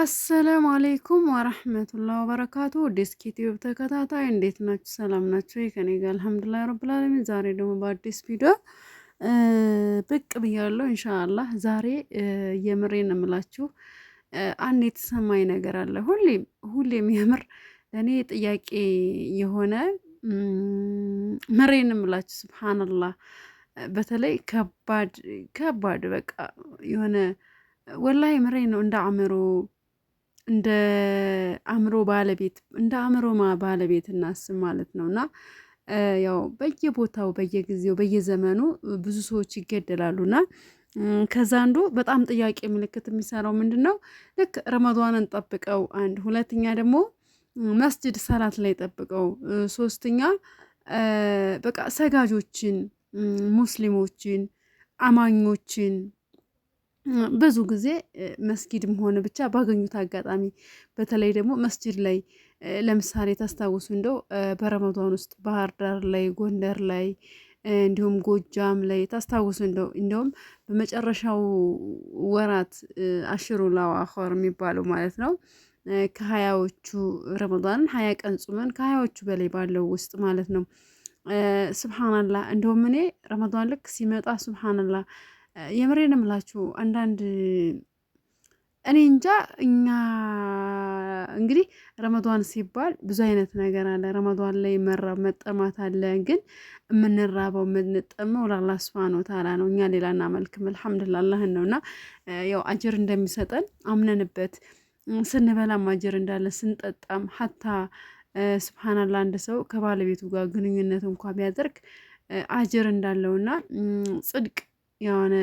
አሰላሙ አሌይኩም ወረህመቱላህ ወበረካቱ ዲስክ ዩቲዩብ ተከታታይ እንዴት ናችሁ? ሰላም ናችሁ? ከኔ ጋር አልሐምዱሊላህ ረብል ዓለሚን። ዛሬ ደግሞ በአዲስ ቪዲዮ ብቅ ብያለሁ ኢንሻአላህ። ዛሬ የምሬን እምላችሁ አንድ የተሰማኝ ነገር አለ። ሁሌም ሁሌም የምር ለእኔ ጥያቄ የሆነ ምሬን እምላችሁ ስብሓንላህ። በተለይ ከባድ ከባድ በቃ የሆነ ወላሂ ምሬ ነው እንደ አእምሮ እንደ አእምሮ ባለቤት እንደ አእምሮማ ባለቤት እናስብ ማለት ነው። እና ያው በየቦታው በየጊዜው በየዘመኑ ብዙ ሰዎች ይገደላሉ ከዛ አንዱ በጣም ጥያቄ ምልክት የሚሰራው ምንድን ነው? ልክ ረመዷንን ጠብቀው አንድ ሁለተኛ ደግሞ መስጅድ ሰላት ላይ ጠብቀው ሶስተኛ በቃ ሰጋጆችን ሙስሊሞችን አማኞችን ብዙ ጊዜ መስጊድም ሆነ ብቻ ባገኙት አጋጣሚ በተለይ ደግሞ መስጅድ ላይ ለምሳሌ ታስታውሱ እንደው በረመዷን ውስጥ ባህር ዳር ላይ፣ ጎንደር ላይ እንዲሁም ጎጃም ላይ ታስታውሱ እንደው እንደውም በመጨረሻው ወራት አሽሩ ለአዋኸር የሚባለው ማለት ነው ከሀያዎቹ ረመዷንን ሀያ ቀን ጾመን ከሀያዎቹ በላይ ባለው ውስጥ ማለት ነው። ስብሓናላህ እንደውም እኔ ረመዷን ልክ ሲመጣ ስብሓናላህ የምሬን እምላችሁ አንዳንድ እኔ እንጃ እኛ እንግዲህ ረመዷን ሲባል ብዙ አይነት ነገር አለ። ረመዷን ላይ መራብ መጠማት አለ። ግን የምንራበው የምንጠመው ለአላህ ሱብሃነሁ ወተዓላ ነው። እኛ ሌላ እናመልክም። አልሐምዱሊላህ አላህን ነው እና ያው አጅር እንደሚሰጠን አምነንበት ስንበላም አጅር እንዳለ ስንጠጣም ሀታ ስብሃናላ አንድ ሰው ከባለቤቱ ጋር ግንኙነት እንኳ ቢያደርግ አጅር እንዳለውና ጽድቅ የሆነ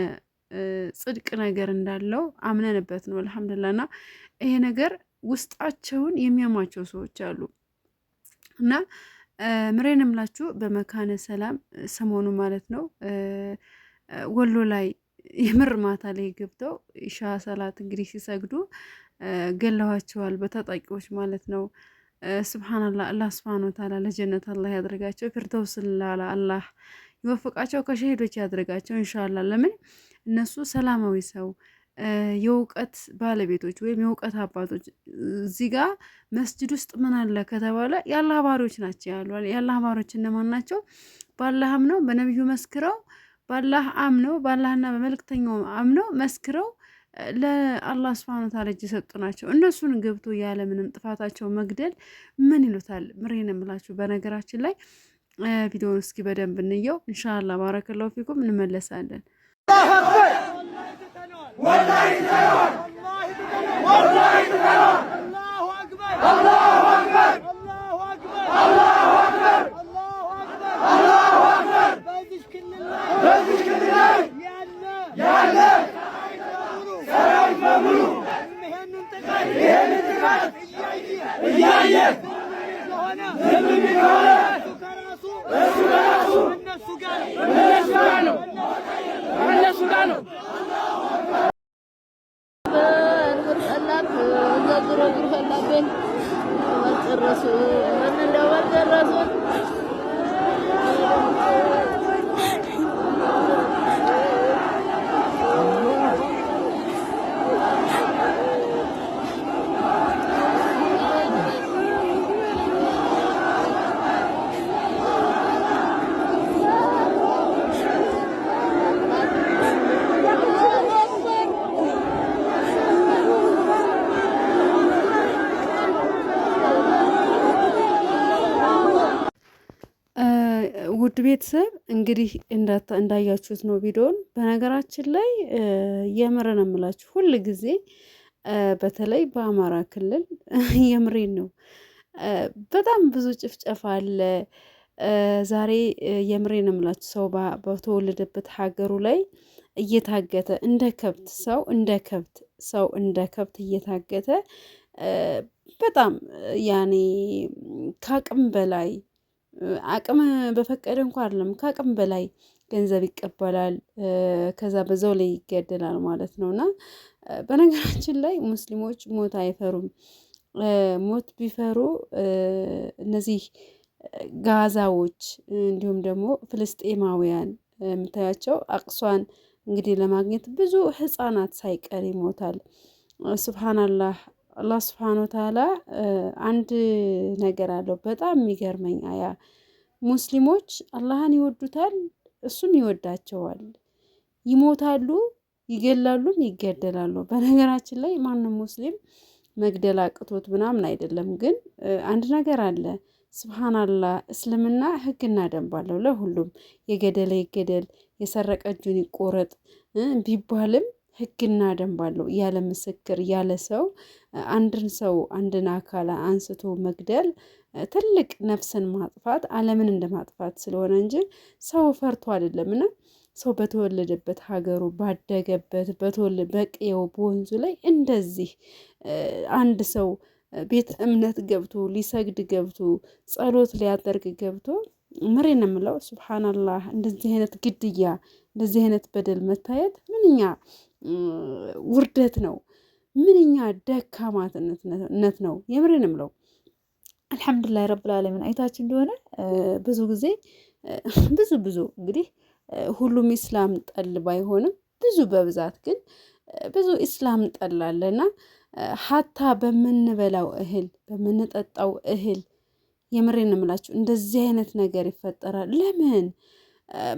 ጽድቅ ነገር እንዳለው አምነንበት ነው አልሐምዱላ። እና ይሄ ነገር ውስጣቸውን የሚያማቸው ሰዎች አሉ እና ምሬን እምላችሁ በመካነ ሰላም ሰሞኑ ማለት ነው ወሎ ላይ የምር ማታ ላይ ገብተው ኢሻ ሰላት እንግዲህ ሲሰግዱ ገለዋቸዋል፣ በታጣቂዎች ማለት ነው። ስብሓንላ አላህ ስብሓን ወተዓላ ለጀነት አላህ ያደርጋቸው። ፊርደውስ ላላ አላህ ይወፍቃቸው፣ ከሸሄዶች ያድርጋቸው እንሻላ። ለምን እነሱ ሰላማዊ ሰው የእውቀት ባለቤቶች ወይም የእውቀት አባቶች እዚህ ጋ መስጅድ ውስጥ ምን አለ ከተባለ የአላህ ባሪዎች ናቸው ያሉ። የአላህ ባሪዎች እነማን ናቸው? ባላህ አምነው በነቢዩ መስክረው ባላህ አምነው ባላህና በመልክተኛው አምነው መስክረው ለአላህ ስብሐነ ተዓላ እጅ የሰጡ ናቸው። እነሱን ገብቶ ያለምንም ጥፋታቸው መግደል ምን ይሉታል? ምሬን የምላችሁ በነገራችን ላይ ቪዲዮን እስኪ በደንብ እንየው። እንሻላ ባረከላሁ ፊኩም እንመለሳለን። ወላሂ ትተነዋል። ውድ ቤተሰብ እንግዲህ እንዳያችሁት ነው ቪዲዮን። በነገራችን ላይ ነው እምላችሁ ሁል ጊዜ በተለይ በአማራ ክልል የምሬን ነው፣ በጣም ብዙ ጭፍጨፋ አለ። ዛሬ የምሬን እምላችሁ ሰው በተወለደበት ሀገሩ ላይ እየታገተ እንደ ከብት ሰው እንደ ከብት ሰው እንደ ከብት እየታገተ በጣም ያኔ ከአቅም በላይ አቅም በፈቀደ እንኳ አይደለም ከአቅም በላይ ገንዘብ ይቀበላል። ከዛ በዛው ላይ ይገደላል ማለት ነው። እና በነገራችን ላይ ሙስሊሞች ሞት አይፈሩም። ሞት ቢፈሩ እነዚህ ጋዛዎች እንዲሁም ደግሞ ፍልስጤማውያን የምታያቸው አቅሷን እንግዲህ ለማግኘት ብዙ ህፃናት ሳይቀር ይሞታል። ሱብሃናላህ አላህ ስብሐነ ወተዓላ አንድ ነገር አለው በጣም የሚገርመኝ አያ ሙስሊሞች አላህን ይወዱታል፣ እሱም ይወዳቸዋል። ይሞታሉ፣ ይገላሉም፣ ይገደላሉ። በነገራችን ላይ ማንም ሙስሊም መግደል አቅቶት ምናምን አይደለም። ግን አንድ ነገር አለ። ስብሃናላህ እስልምና ህግና ደንብ አለው ለሁሉም። የገደለ ይገደል፣ የሰረቀ እጁን ይቆረጥ ቢባልም ህግና ደንብ አለው። ያለ ምስክር ያለ ሰው አንድን ሰው አንድን አካል አንስቶ መግደል ትልቅ ነፍስን ማጥፋት ዓለምን እንደማጥፋት ስለሆነ እንጂ ሰው ፈርቶ አይደለም እና ሰው በተወለደበት ሀገሩ ባደገበት በተወለ በቀየው በወንዙ ላይ እንደዚህ አንድ ሰው ቤት እምነት ገብቶ ሊሰግድ ገብቶ ጸሎት ሊያደርግ ገብቶ ነው የምለው ሱብሃናላህ እንደዚህ አይነት ግድያ እንደዚህ አይነት በደል መታየት ምንኛ ውርደት ነው። ምንኛ ደካማትነት ነው። የምሬን ምለው አልሐምዱሊላህ ረብል ዓለሚን አይታችን እንደሆነ ብዙ ጊዜ ብዙ ብዙ እንግዲህ ሁሉም ኢስላም ጠል ባይሆንም ብዙ በብዛት ግን ብዙ ኢስላም ጠላለና ሀታ በምንበላው እህል በምንጠጣው እህል የምሬን እምላችሁ እንደዚህ አይነት ነገር ይፈጠራል። ለምን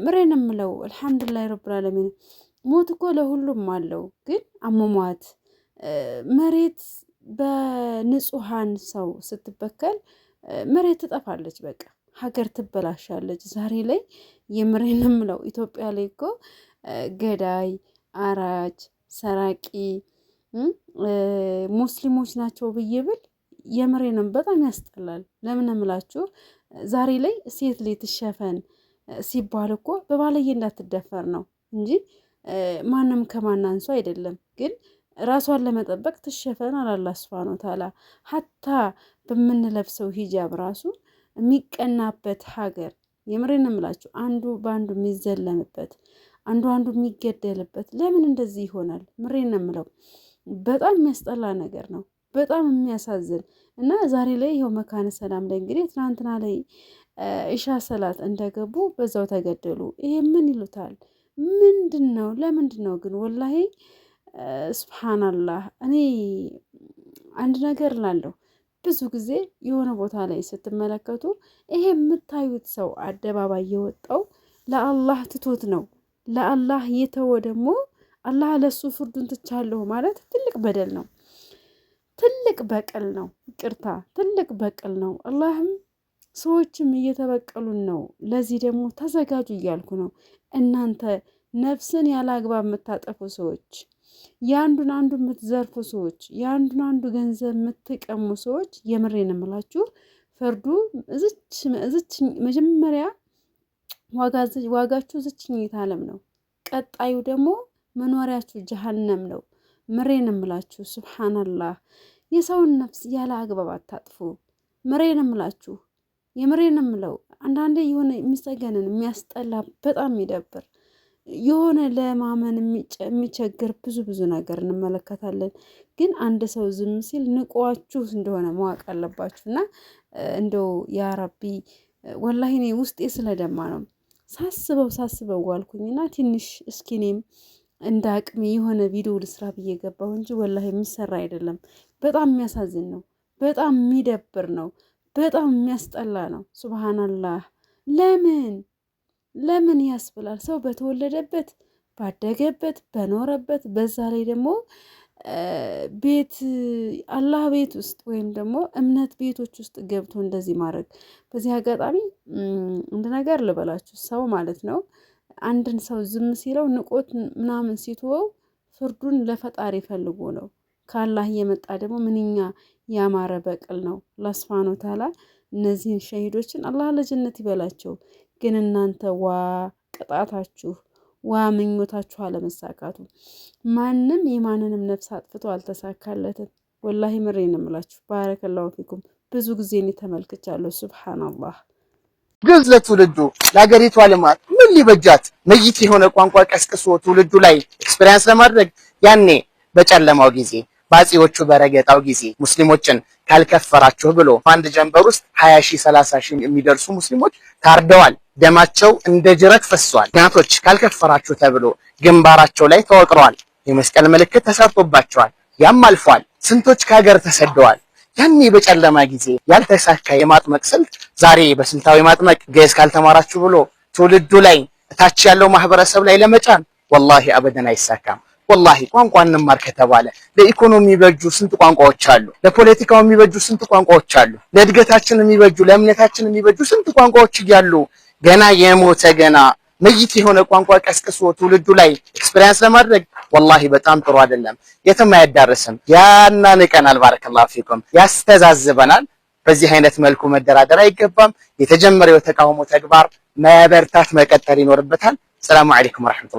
ምሬን እምለው አልሐምዱሊላህ ረብል ሞት እኮ ለሁሉም አለው። ግን አሟሟት መሬት በንጹሐን ሰው ስትበከል መሬት ትጠፋለች። በቃ ሀገር ትበላሻለች። ዛሬ ላይ የምሬን የምለው ኢትዮጵያ ላይ እኮ ገዳይ፣ አራጅ፣ ሰራቂ ሙስሊሞች ናቸው ብዬ ብል የምሬንም በጣም ያስጠላል። ለምን እምላችሁ ዛሬ ላይ ሴት ላይ ትሸፈን ሲባል እኮ በባለዬ እንዳትደፈር ነው እንጂ ማንም ከማናንሱ አይደለም። ግን ራሷን ለመጠበቅ ትሸፈን አላላ ስብሃነ ታላ ሀታ በምንለብሰው ሂጃብ ራሱ የሚቀናበት ሀገር የምሬን እምላችሁ አንዱ በአንዱ የሚዘለምበት አንዱ አንዱ የሚገደልበት ለምን እንደዚህ ይሆናል? ምሬን እምለው በጣም የሚያስጠላ ነገር ነው። በጣም የሚያሳዝን እና ዛሬ ላይ ይኸው መካነ ሰላም ላይ እንግዲህ ትናንትና ላይ ኢሻ ሰላት እንደገቡ በዛው ተገደሉ። ይሄ ምን ይሉታል? ምንድን ነው? ለምንድን ነው ግን? ወላሂ ስብሓናላህ እኔ አንድ ነገር ላለሁ ብዙ ጊዜ የሆነ ቦታ ላይ ስትመለከቱ ይሄ የምታዩት ሰው አደባባይ የወጣው ለአላህ ትቶት ነው። ለአላህ የተወ ደግሞ አላህ ለሱ ፍርዱን ትቻለሁ ማለት ትልቅ በደል ነው። ትልቅ በቀል ነው። ይቅርታ ትልቅ በቀል ነው። አላህም ሰዎችም እየተበቀሉን ነው። ለዚህ ደግሞ ተዘጋጁ እያልኩ ነው። እናንተ ነፍስን ያለ አግባብ የምታጠፉ ሰዎች፣ የአንዱን አንዱ የምትዘርፉ ሰዎች፣ የአንዱን አንዱ ገንዘብ የምትቀሙ ሰዎች፣ የምሬን የምላችሁ ፍርዱ እዝች መጀመሪያ ዋጋችሁ ዝችኝት ዓለም ነው። ቀጣዩ ደግሞ መኖሪያችሁ ጀሀነም ነው። ምሬን የምላችሁ ስብሓናላህ፣ የሰውን ነፍስ ያለ አግባብ አታጥፉ። ምሬን የምላችሁ የምሬን የምለው አንዳንዴ የሆነ የሚጸገንን የሚያስጠላ በጣም የሚደብር የሆነ ለማመን የሚቸግር ብዙ ብዙ ነገር እንመለከታለን። ግን አንድ ሰው ዝም ሲል ንቋችሁ እንደሆነ ማወቅ አለባችሁ። እና እንደው የአረቢ ረቢ ወላሂ እኔ ውስጤ ስለደማ ነው ሳስበው ሳስበው ዋልኩኝና ትንሽ እስኪ እኔም እንደ አቅሜ የሆነ ቪዲዮ ልስራ ብዬ ገባሁ እንጂ ወላሂ የሚሰራ አይደለም። በጣም የሚያሳዝን ነው። በጣም የሚደብር ነው። በጣም የሚያስጠላ ነው። ሱብሃናላህ ለምን ለምን ያስብላል። ሰው በተወለደበት ባደገበት በኖረበት በዛ ላይ ደግሞ ቤት አላህ ቤት ውስጥ ወይም ደግሞ እምነት ቤቶች ውስጥ ገብቶ እንደዚህ ማድረግ። በዚህ አጋጣሚ አንድ ነገር ልበላችሁ። ሰው ማለት ነው አንድን ሰው ዝም ሲለው ንቆት ምናምን ሲትወው ፍርዱን ለፈጣሪ ፈልጎ ነው። ከአላህ የመጣ ደግሞ ምንኛ ያማረ በቀል ነው። አላህ ሱብሓነሁ ወተዓላ እነዚህን ሸሂዶችን አላህ ለጀነት ይበላቸው። ግን እናንተ ዋ ቅጣታችሁ፣ ዋ ምኞታችሁ አለመሳካቱ። ማንም የማንንም ነፍስ አጥፍቶ አልተሳካለትም። ወላሂ ምሬ ነው የምላችሁ። ባረከላሁ ፊኩም። ብዙ ጊዜ እኔ ተመልክቻለሁ። ሱብሃነላህ። ግዝ ለትውልዱ ለሀገሪቷ ልማት ምን ሊበጃት መይት የሆነ ቋንቋ ቀስቅሶ ትውልዱ ላይ ኤክስፔሪያንስ ለማድረግ ያኔ በጨለማው ጊዜ በአጼዎቹ በረገጣው ጊዜ ሙስሊሞችን ካልከፈራችሁ ብሎ አንድ ጀንበር ውስጥ 20 ሺህ 30 ሺህ የሚደርሱ ሙስሊሞች ታርደዋል። ደማቸው እንደ ጅረት ፈሷል። እናቶች ካልከፈራችሁ ተብሎ ግንባራቸው ላይ ተወቅረዋል። የመስቀል ምልክት ተሰርቶባቸዋል። ያም አልፏል። ስንቶች ከሀገር ተሰደዋል። ያኔ በጨለማ ጊዜ ያልተሳካ የማጥመቅ ስልት ዛሬ በስልታዊ ማጥመቅ ገዝ ካልተማራችሁ ብሎ ትውልዱ ላይ ታች ያለው ማህበረሰብ ላይ ለመጫን ወላሂ አበደን አይሳካም። ወላሂ ቋንቋ እንማር ከተባለ ለኢኮኖሚ የሚበጁ ስንት ቋንቋዎች አሉ። ለፖለቲካው የሚበጁ ስንት ቋንቋዎች አሉ። ለእድገታችን የሚበጁ ለእምነታችን የሚበጁ ስንት ቋንቋዎች እያሉ ገና የሞተ ገና መይት የሆነ ቋንቋ ቀስቅሶ ትውልዱ ላይ ኤክስፔሪንስ ለማድረግ ወላሂ በጣም ጥሩ አይደለም፣ የትም አያዳርስም። ያናንቀናል። ባረከላሁ ፊኩም ያስተዛዝበናል። በዚህ አይነት መልኩ መደራደር አይገባም። የተጀመረው የተቃውሞ ተግባር መበርታት መቀጠል ይኖርበታል። ሰላም አለይኩም ወራህመቱላህ